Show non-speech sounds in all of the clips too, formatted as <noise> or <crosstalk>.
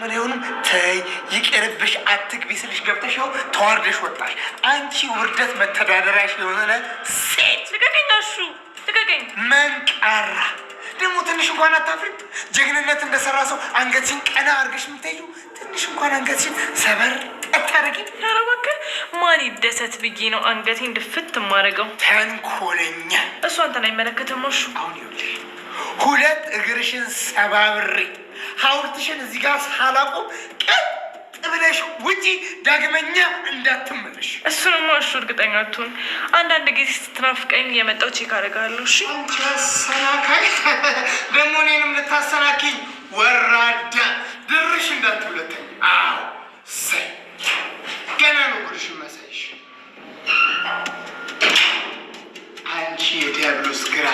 ምን ይሁንም ተይ ይቅርብሽ፣ አትግቢ ስልሽ ገብተሽ ተዋርደሽ ወጣሽ። አንቺ ውርደት መተዳደሪያሽ የሆነ ሴት ልቀቀኝ፣ እሱ ልቀቀኝ። መንቃራ ደግሞ ትንሽ እንኳን አታፍሪም። ጀግንነት እንደሰራ ሰው አንገትሽን ቀና አድርገሽ የምትሄጂው ትንሽ እንኳን አንገትሽን ሰበር አታረጊ። ኧረ እባክህ ማን ይደሰት ብዬ ነው አንገቴን ድፍት የማደርገው። ተንኮለኛ እሱ አንተን አይመለከትም። እሱ አሁን ይኸውልሽ ሁለት እግርሽን ሰባብሬ ሐውልትሽን እዚህ ጋር ሳላቆም ቀጥ ብለሽ ውጪ፣ ዳግመኛ እንዳትመለሽ። እሱንማ እሱ እርግጠኛ ትሆን። አንዳንድ ጊዜ ስትናፍቀኝ የመጣው ቼክ አደርጋለሁ። እሺ አንቺ አሰናካይ፣ ደግሞ እኔንም ልታሰናኪኝ ወራዳ፣ ድርሽ እንዳትውለተኝ። አዎ ሰይ ገና ነው ጉርሽ መሳይሽ አንቺ የዲያብሎስ ግራ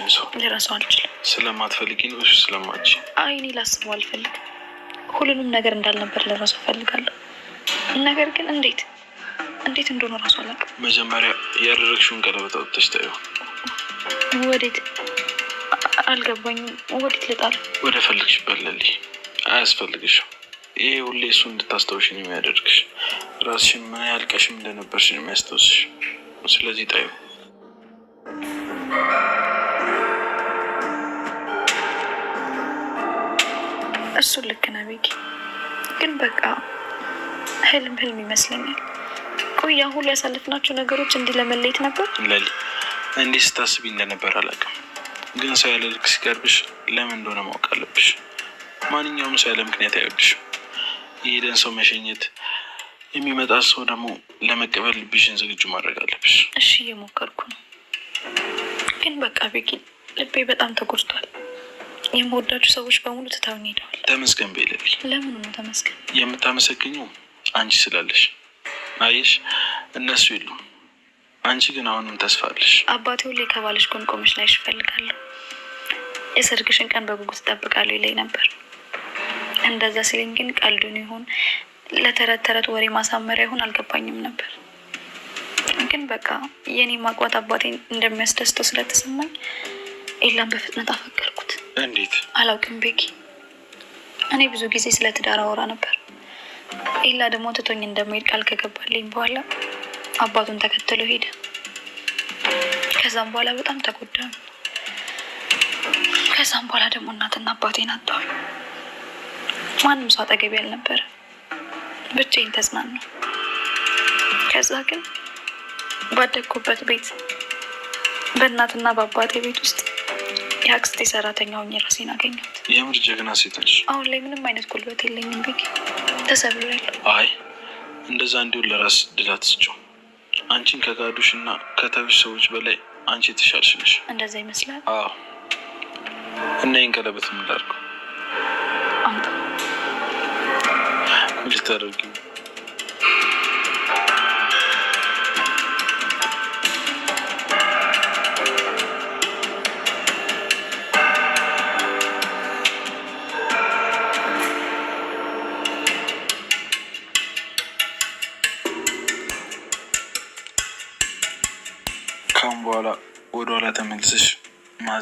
ያልፈልግሽን ሰው ልረሳው አልችልም። ስለማትፈልጊ ነው እሱ ስለማች አይኔ ላስበው አልፈልግም። ሁሉንም ነገር እንዳልነበር ልረሳው እፈልጋለሁ። ነገር ግን እንዴት እንዴት እንደሆነ ራሱ አላውቅም። መጀመሪያ ያደረግሽውን ቀለበት አውጥተሽ ታዩ። ወዴት አልገባኝም። ወዴት ልጣል? ወደ ፈልግሽበት ለሊ። አያስፈልግሽም። ይሄ ሁሌ እሱ እንድታስታውሽ ነው የሚያደርግሽ። ራስሽን ምን ያልቀሽም እንደነበርሽ ነው የሚያስታውስሽ። ስለዚህ ጣዩ። እሱን ልክ ነህ ቤኪ። ግን በቃ ህልም ህልም ይመስለኛል። ቆይ ሁሉ ያሳለፍናቸው ነገሮች እንዲህ ለመለየት ነበር። ለሊ እንዲህ ስታስቢ እንደነበር አላውቅም፣ ግን ሰው ያለ ልክ ሲቀርብሽ ለምን እንደሆነ ማወቅ አለብሽ። ማንኛውም ሰው ያለ ምክንያት አይወድሽም። የሄደን ሰው መሸኘት፣ የሚመጣ ሰው ደግሞ ለመቀበል ልብሽን ዝግጁ ማድረግ አለብሽ። እሺ እየሞከርኩ ነው፣ ግን በቃ ቤኪ ልቤ በጣም ተጎድቷል። የምወዳችሁ ሰዎች በሙሉ ትተውን ሄደዋል። ተመስገን በይለብ። ለምኑ ነው ተመስገን? የምታመሰግኘው አንቺ ስላለሽ። አየሽ፣ እነሱ የሉም። አንቺ ግን አሁንም ተስፋ አለሽ። አባቴ ሁሌ ከባለሽ ጎን ቆመሽ ላይሽ እፈልጋለሁ። የሰርግሽን ቀን በጉጉት እጠብቃለሁ ይለኝ ነበር። እንደዛ ሲለኝ ግን ቀልዱን ይሁን ለተረት ተረት ወሬ ማሳመሪያ ይሁን አልገባኝም ነበር። ግን በቃ የእኔ ማግባት አባቴ እንደሚያስደስተው ስለተሰማኝ ኤላን በፍጥነት አፈቀርኩት። እንዴት አላውቅም። ቤኪ እኔ ብዙ ጊዜ ስለ ትዳር አወራ ነበር። ኤላ ደግሞ ትቶኝ እንደሚሄድ ቃል ከገባልኝ በኋላ አባቱን ተከትሎ ሄደ። ከዛም በኋላ በጣም ተጎዳ። ከዛም በኋላ ደግሞ እናትና አባቴን አጥተዋል። ማንም ሰው አጠገቤ አልነበረ፣ ብቻዬን ተጽናናሁ። ከዛ ግን ባደግኩበት ቤት በእናትና በአባቴ ቤት ውስጥ የአክስቴ ሰራተኛ ሆኜ ራሴን አገኘሁት። የምር ጀግና ሴቶች። አሁን ላይ ምንም አይነት ጉልበት የለኝም። ቤት ተሰብሯል። አይ እንደዛ እንዲሁን ለራስ ድላት አትስጪው። አንቺን ከጋዱሽ እና ከተብሽ ሰዎች በላይ አንቺ የተሻልሽ ነሽ። እንደዛ ይመስላል። አዎ እና ይህን ቀለበት ምን ላድርገው? አምጣ። ምን ልታደርጊው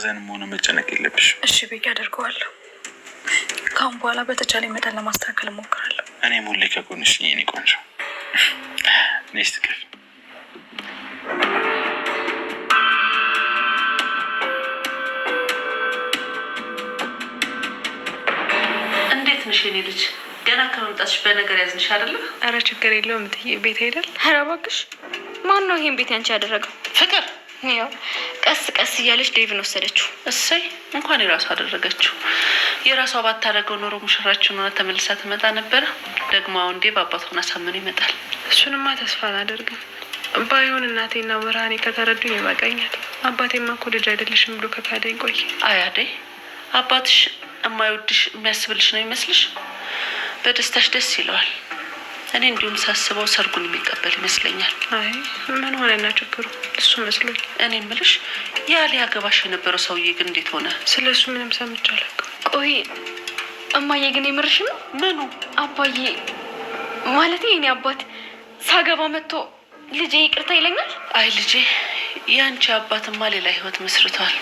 ማዘንም ሆነ መጨነቅ የለብሽ። እሺ ቤኪ፣ አደርገዋለሁ። ከአሁን በኋላ በተቻለ መጠን ለማስተካከል እሞክራለሁ። እኔም ሁሌ ከጎንሽ ነኝ የኔ ቆንጆ። ኔስት ክፍል እንዴት ነሽ የኔ ልጅ? ገና ከመምጣትሽ በነገር ያዝንሽ አይደለም? አረ ችግር የለውም እትዬ። ቤት አይደል? አረ እባክሽ፣ ማን ነው ይሄን ቤት ያንቺ ያደረገው? ያው ቀስ ቀስ እያለች ዴቭን ወሰደችው። እሰይ እንኳን የራሷ አደረገችው። የራሷ ባታደረገው ኖሮ ሙሽራችን ሆነ ተመልሳ ትመጣ ነበረ። ደግሞ አሁን ዴቭ አባቷን አሳምኖ ይመጣል። እሱንማ ተስፋ አላደርግም። ባይሆን እናቴና ብርሃኔ ከተረዱኝ ይበቃኛል። አባቴማ እኮ ልጅ አይደለሽም ብሎ ከካደኝ ቆይ። አያዴ አባትሽ የማይወድሽ የሚያስብልሽ ነው ይመስልሽ? በደስታሽ ደስ ይለዋል። እኔ እንዲሁም ሳስበው ሰርጉን የሚቀበል ይመስለኛል። አይ ምን ሆነ እና ችግሩ እሱ መስሎኝ። እኔ ምልሽ ያሌ አገባሽ የነበረው ሰውዬ ግን እንዴት ሆነ? ስለ እሱ ምንም ሰምቼ ቆይ እማዬ ግን የምርሽም? ነው? ምኑ አባዬ ማለት የኔ አባት ሳገባ መጥቶ ልጄ ይቅርታ ይለኛል? አይ ልጄ የአንቺ አባትማ ሌላ ህይወት መስርቷል፣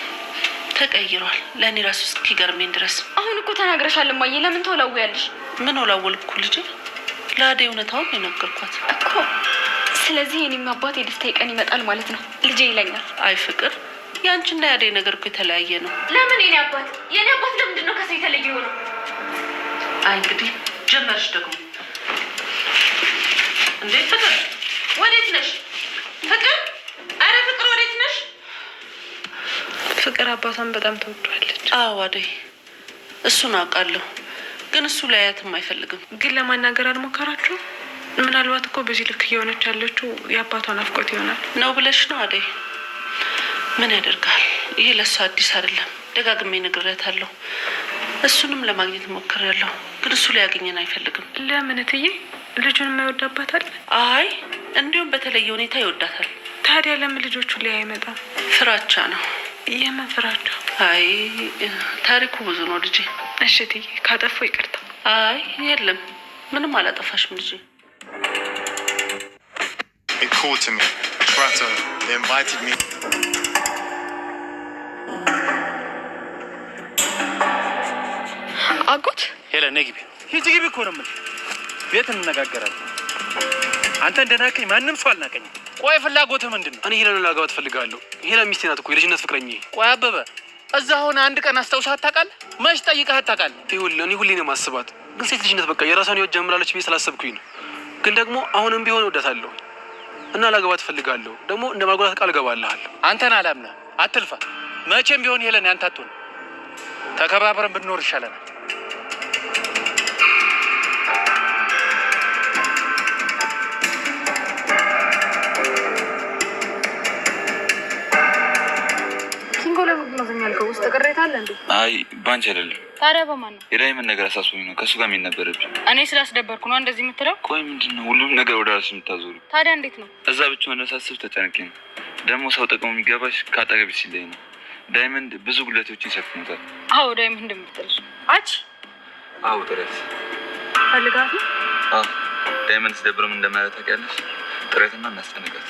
ተቀይሯል። ለእኔ ራሱ እስኪገርሜን ድረስ አሁን እኮ ተናግረሻል እማዬ። ለምን ያለሽ? ምን ወላወልኩ ልጄ ለአደይ እውነታውን የነገርኳት እኮ። ስለዚህ የኔም አባት የደስታ ቀን ይመጣል ማለት ነው ልጄ ይለኛል። አይ ፍቅር፣ የአንቺና የአደይ ነገር እኮ የተለያየ ነው። ለምን የኔ አባት የኔ አባት ለምንድን ነው ከሰው የተለየ ሆነ? አይ እንግዲህ ጀመርሽ ደግሞ እንዴት? ፍቅር ወዴት ነሽ? ፍቅር አረ ፍቅር ወዴት ነሽ? ፍቅር አባቷን በጣም ተወዷለች። አዎ አደይ፣ እሱን አውቃለሁ። ግን እሱ ላያትም አይፈልግም። ግን ለማናገር አልሞከራችሁ? ምናልባት እኮ በዚህ ልክ እየሆነች ያለችው የአባቷን ናፍቆት ይሆናል ነው ብለሽ ነው አደይ? ምን ያደርጋል ይሄ ለእሱ አዲስ አይደለም። ደጋግሜ ነግሬያታለሁ። እሱንም ለማግኘት ሞክሬያለሁ፣ ግን እሱ ሊያገኘን አይፈልግም። ለምን እትዬ? ልጁን የማይወዳባታል? አይ እንዲሁም በተለየ ሁኔታ ይወዳታል። ታዲያ ለምን ልጆቹ ላይ አይመጣም? ፍራቻ ነው። የምን ፍራቻ? አይ ታሪኩ ብዙ ነው ልጄ እሺ እትዬ ካጠፋሁ ይቅርታ። አይ የለም ምንም አላጠፋሽም ልጄ። አጎት ሄለን ነይ ግቢ። ሂጂ ግቢ እኮ ነው የምልሽ። ቤት እንነጋገራለን። አንተ እንደናቀኝ ማንም ሰው አልናቀኝም። ቆይ ፍላጎትህ ምንድን ነው? እኔ ሄለን ላገባ ትፈልጋለሁ። ሄለን ሚስቴ ናት እኮ የልጅነት ፍቅረኛዬ። ቆይ አበበ እዛ ሆነ አንድ ቀን አስታውሳት ታውቃለህ? መች ጠይቀህ ታውቃለህ? ይኸውልህ እኔ ሁሌ ነው የማስባት፣ ግን ሴት ልጅነት በቃ የራሷን ህይወት ጀምራለች ብዬ ስላሰብኩኝ ነው። ግን ደግሞ አሁንም ቢሆን እወዳታለሁ እና ላገባ ትፈልጋለሁ። ደግሞ እንደ ማጉላት ቃል እገባልሃለሁ። አንተን አላምነ አትልፋ። መቼም ቢሆን ሄለን ያንታቱን ተከባብረን ብንኖር ይሻለናል። ቅሬታ አለ እንዴ? አይ ባንቺ አይደለም። ታዲያ በማን ነው? የዳይመንድ ነገር አሳስቦኝ ነው። ከእሱ ጋር መሄድ ነበረብኝ። እኔ ስላስደበርኩ ነው እንደዚህ የምትለው? ቆይ ምንድን ነው ሁሉም ነገር ወደ ራሱ የምታዞሩ? ታዲያ እንዴት ነው? እዛ ብቻ እንዳሳስብ ተጨነቄ ነው። ደግሞ ሰው ጠቅሞ የሚገባሽ ከአጠገብ ሲለኝ ነው። ዳይመንድ ብዙ ጉለቶችን ሰክሞታል። አዎ ዳይመንድ የምትልሽ አች አዎ ጥረት ፈልጋት ነው። ዳይመንድ ሲደብረው ምን እንደማያደርግ ታውቂያለሽ። ጥረትና እናስጨንቃት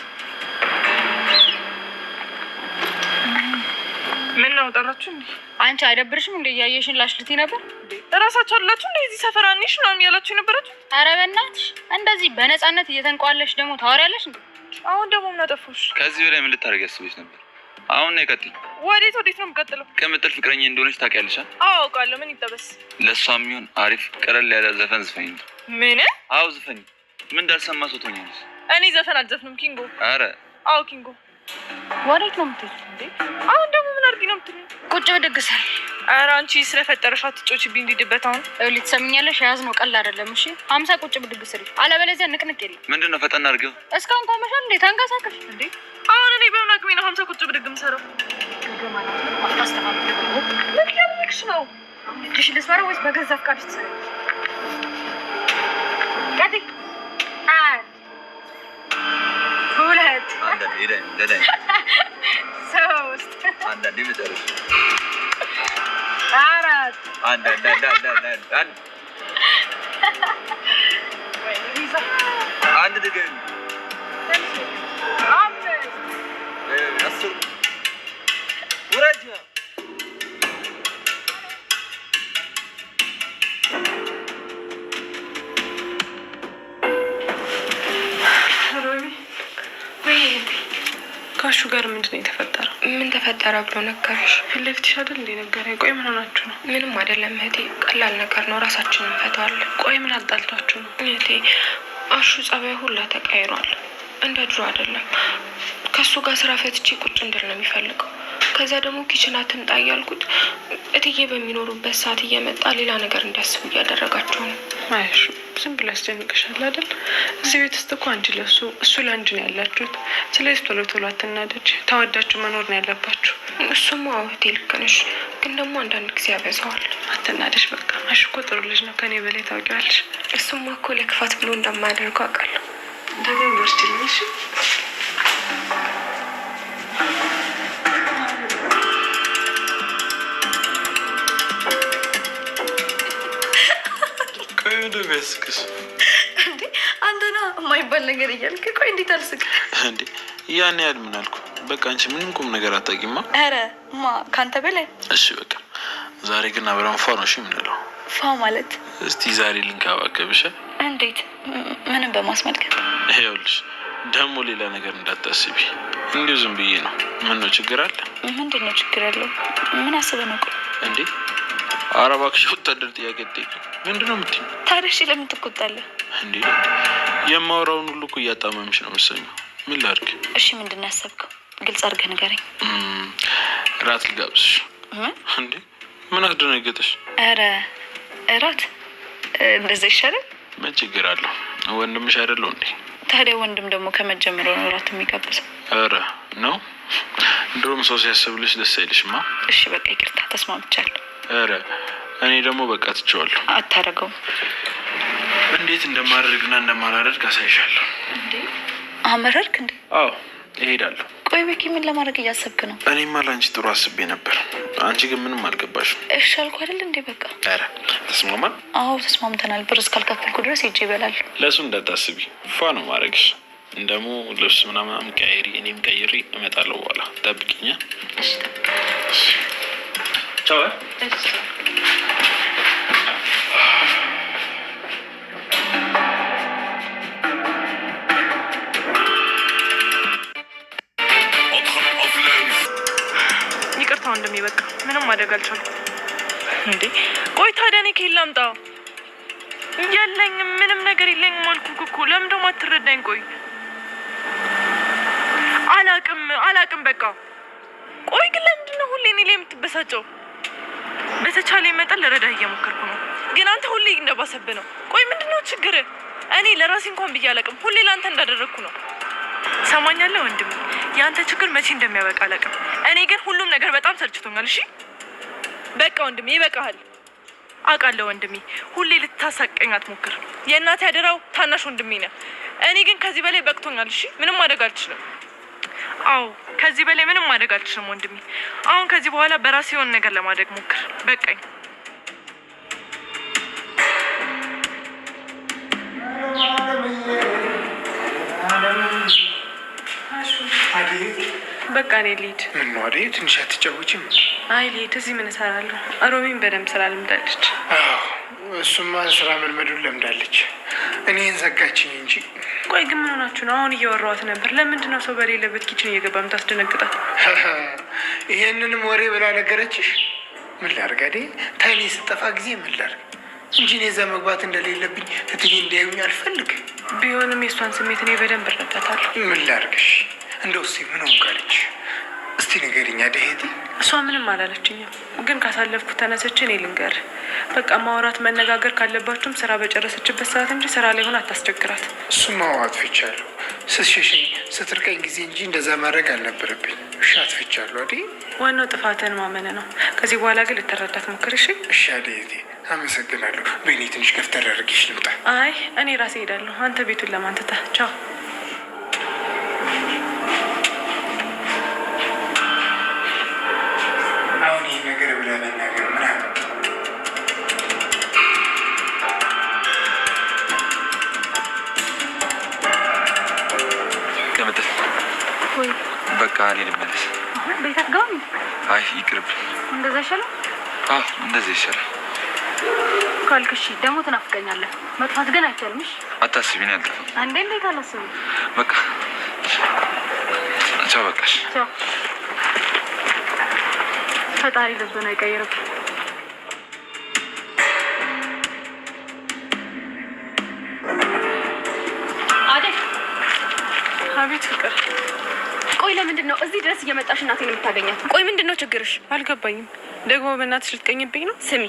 ምን ነው ጠራችሁ እንዴ? አንቺ አይደብርሽም እንዴ? እያየሽን ላሽልቲ ነበር። እራሳችሁ አላችሁ እንዴ? እዚህ ሰፈር አንሽ ነው ያላችሁ ነበራችሁ። ኧረ በእናትሽ እንደዚህ በነፃነት እየተንቋለሽ ደግሞ ታወሪያለሽ እንዴ? አሁን ደግሞ ምን አጠፋሽ? ከዚህ በላይ ምን ልታደርጊ አስበሽ ነበር? አሁን ነው የቀጥል። ወዴት ወዴት ነው የምቀጥለው? ከምትል ፍቅረኛ እንደሆነች ታውቂያለሽ? አዎ አውቃለሁ። ምን ይጠበስ? ለእሷ የሚሆን አሪፍ ቀለል ያለ ዘፈን ዝፈኝ ምን? አዎ ዝፈኝ። ምን እንዳልሰማ ሰው ትሆኛለሽ። እኔ ዘፈን አልዘፍንም ኪንጎ። አረ አዎ ኪንጎ ወዴት ነው የምትሄጂው? አሁን ደግሞ ምን አድርጊ ነው የምትሄጂው? ቁጭ ብድግሳል። ኧረ አንቺ ስለፈጠረሽ አትጮችብኝ። እንዲድበት አሁን እውሊት ሰምኛለሽ። የያዝ ነው ቀላል አይደለም። እሺ ሀምሳ ቁጭ ብድግ አለበለዚያ ንቅንቅ የለም። ምንድን ነው ፈጠን አድርጊው። እስካሁን ቆመሻል እንዴ? ተንቀሳቀሽ እንዴ? አሁን እኔ በምን አቅሜ ነው ሀምሳ ቁጭ ብድግ የምሰራው? ምክንያት ነው ልክሽ ነው ወይስ በገዛ ፍቃድ ትሰራለሽ? አንድ ጋር ምንድን ነው የተፈጠረው? ምን ተፈጠረ ብሎ ነገረሽ? ፊት ለፊትሽ አይደል እንደ ነገረኝ። ቆይ ምን ሆናችሁ ነው? ምንም አይደለም እህቴ፣ ቀላል ነገር ነው፣ ራሳችን እንፈታዋለን። ቆይ ምን አጣልታችሁ ነው? እህቴ አሹ ጸባይ ሁላ ተቀይሯል፣ እንደ ድሮ አይደለም። ከእሱ ጋር ስራ ፈትቼ ቁጭ እንድል ነው የሚፈልገው ከዛ ደግሞ ኪችን አትምጣ እያልኩት እትዬ በሚኖሩበት ሰዓት እየመጣ ሌላ ነገር እንዲያስቡ እያደረጋቸው ነው። አያሽ ዝም ብሎ ያስደንቅሻል አይደል? እዚህ ቤት ውስጥ እኮ አንቺ ለሱ እሱ ለአንቺ ነው ያላችሁት። ስለዚህ ቶሎ ቶሎ አትናደጅ፣ ተዋዳችሁ መኖር ነው ያለባችሁ። እሱም አዎ እህቴ ልክ ነሽ፣ ግን ደግሞ አንዳንድ ጊዜ ያበዛዋል። አትናደሽ በቃ ማሽ እኮ ጥሩ ልጅ ነው፣ ከኔ በላይ ታውቂዋለሽ። እሱማ እኮ ለክፋት ብሎ እንደማያደርገው አውቃለሁ። ቢያስቅስ እንዴ? አንተና የማይባል ነገር እያልክ ቆይ፣ እንዴት አልስቅ እንዴ? ያን ያህል ምን አልኩ? በቃ አንቺ ምንም ቁም ነገር አታውቂማ። ኧረ ማ ከአንተ በላይ እሺ፣ በቃ ዛሬ ግን አብረን ፏ ነው። እሺ፣ የምንለው ፏ ማለት እስቲ ዛሬ ልንከባከብሽ። እንዴት? ምንም በማስመልከት ይኸውልሽ፣ ደግሞ ሌላ ነገር እንዳታስቢ፣ እንዲሁ ዝም ብዬ ነው። ምን ነው ችግር አለ? ምንድን ነው ችግር ያለው? ምን አስበህ ነው? እንዴ፣ ኧረ እባክሽ ወታደር ጥያቄ ትጠይቅ ምንድን ነው የምትይኝ? ታዲያ እሺ ለምን ትቆጣለህ እንዴ? የማወራውን ሁሉ እኮ እያጣመምሽ ነው መሰኝ። ምን ላድርግ? እሺ ምንድን ነው ያሰብከው? ግልጽ አድርገህ ንገረኝ። እራት ልጋብዝሽ። እንዴ ምን አስደነገጠሽ? ኧረ እራት እንደዛ ይሻላል። ምን ችግር አለው? ወንድምሽ አይደለው እንዴ? ታዲያ ወንድም ደግሞ ከመጀመሩ ነው እራት የሚጋብዘው? ኧረ ነው ድሮም ሰው ሲያስብልሽ ደስ አይልሽማ። እሺ በቃ ይቅርታ፣ ተስማምቻለሁ። ኧረ እኔ ደግሞ በቃ ትቼዋለሁ። አታረገውም እንዴት እንደማደርግና እንደማላደርግ አሳይሻለሁ። አመረርክ እንዴ? አዎ እሄዳለሁ። ቆይ ቤኪ፣ ምን ለማድረግ እያሰብክ ነው? እኔማ ለአንቺ ጥሩ አስቤ ነበር። አንቺ ግን ምንም አልገባሽም። እሺ አልኩ አይደል እንዴ? በቃ ኧረ ተስማማል። አዎ ተስማምተናል። ብር እስካልከፈልኩ ድረስ ሂጅ ይበላል። ለእሱ እንዳታስቢ፣ ፏ ነው ማድረግሽ እንደሞ ልብስ ምናምን ቀይሪ፣ እኔም ቀይሪ እመጣለሁ። በኋላ ጠብቂኛ። ቻው ወንድሜ፣ በቃ ምንም ማድረግ አልቻልኩም። እንዴ ቆይ ታዲያ እኔ ከየት ላምጣ? የለኝም፣ ምንም ነገር የለኝም አልኩህ እኮ። ለምን ደግሞ አትረዳኝ? ቆይ አላቅም፣ አላቅም በቃ። ቆይ ግን ለምንድን ነው ሁሌ እኔ ላይ የምትበሳጨው? በተቻለ መጠን ለረዳህ እየሞከርኩ ነው፣ ግን አንተ ሁሌ እንደባሰብህ ነው። ቆይ ምንድን ነው ችግር? እኔ ለራሴ እንኳን ብዬ አላቅም፣ ሁሌ ለአንተ እንዳደረግኩ ነው። ሰማኛለህ ወንድም፣ የአንተ ችግር መቼ እንደሚያበቃ አላቅም። እኔ ግን ሁሉም ነገር በጣም ሰልችቶኛል። እሺ በቃ ወንድሜ ይበቃሃል። አውቃለሁ ወንድሜ፣ ሁሌ ልታሳቀኝ አትሞክር። የእናቴ አደራው ታናሽ ወንድሜ ነው። እኔ ግን ከዚህ በላይ በቅቶኛል። እሺ ምንም ማድረግ አልችልም። አዎ ከዚህ በላይ ምንም ማድረግ አልችልም ወንድሜ። አሁን ከዚህ በኋላ በራሴ የሆነ ነገር ለማድረግ ሞክር። በቃኝ። በቃ እኔ ልሂድ። ምነው አይደል ትንሽ አትጫወችም? አይ ልሂድ። እዚህ ምን እሰራለሁ? አሮሚን በደንብ ስራ ልምዳለች። እሱማን ስራ መልመዱን ለምዳለች። እኔን ዘጋችኝ እንጂ። ቆይ ግን ምን ሆናችሁ ነው? አሁን እያወራኋት ነበር። ለምንድን ነው ሰው በሌለበት ኪችን እየገባ የምታስደነግጣት? <laughs> ይህንንም ወሬ ብላ ነገረችሽ? ምን ላድርግ አዴ ታይኔ ስጠፋ ጊዜ ምን ላድርግ እንጂ እኔ እዛ መግባት እንደሌለብኝ እትዬ እንዲያዩኝ አልፈልግ። ቢሆንም የእሷን ስሜት እኔ በደንብ እረዳታለሁ። ምን ላድርግሽ እንደው እስኪ ምን ሆንካለች? እስቲ ንገሪኛ ደሄቴ። እሷ ምንም አላለችኝም፣ ግን ካሳለፍኩት ተነስቼ እኔ ልንገር። በቃ ማውራት መነጋገር ካለባችሁም ስራ በጨረሰችበት ሰዓት እንጂ ስራ ላይ ሆን አታስቸግራት። እሱ እሱማ አጥፍቻለሁ። ስትሸሸኝ ስትርቀኝ ጊዜ እንጂ እንደዛ ማድረግ አልነበረብኝ። እሺ አጥፍቻለሁ አዴ። ዋናው ጥፋትን ማመን ነው። ከዚህ በኋላ ግን ልትረዳት ሞክር። እሺ እሺ አዴቴ። አመሰግናለሁ። በእኔ ትንሽ ከፍተር አድርጌሽ ልምጣ። አይ እኔ ራሴ ሄዳለሁ። አንተ ቤቱን ለማንተታ ቻው ካህሌ ልመለስ። ቤት አትገባም? አይ ይቅርብኝ። እንደዛ ይሻላል። አዎ እንደዛ ይሻላል ካልክሽ ደግሞ ትናፍቀኛለህ። መጥፋት ግን አይቻልምሽ። አታስቢ፣ ነው ያልጠፋም። አንዴ እንዴት አላስብም። በቃ ቻው፣ በቃሽ። ፈጣሪ ልብን አይቀይርብን። አቤት ፍቅር ቆይ ለምንድን ነው እዚህ ድረስ እየመጣሽ እናቴን የምታገኛት? ቆይ ምንድን ነው ችግርሽ? አልገባኝም። ደግሞ በእናትሽ ልትቀኝብኝ ነው? ስሚ፣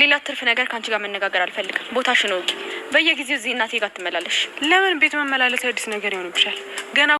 ሌላ ትርፍ ነገር ከአንቺ ጋር መነጋገር አልፈልግም። ቦታሽን እውቂ። በየጊዜው እዚህ እናቴ ጋር ትመላለሽ። ለምን ቤት መመላለስ አዲስ ነገር ይሆንብሻል ገና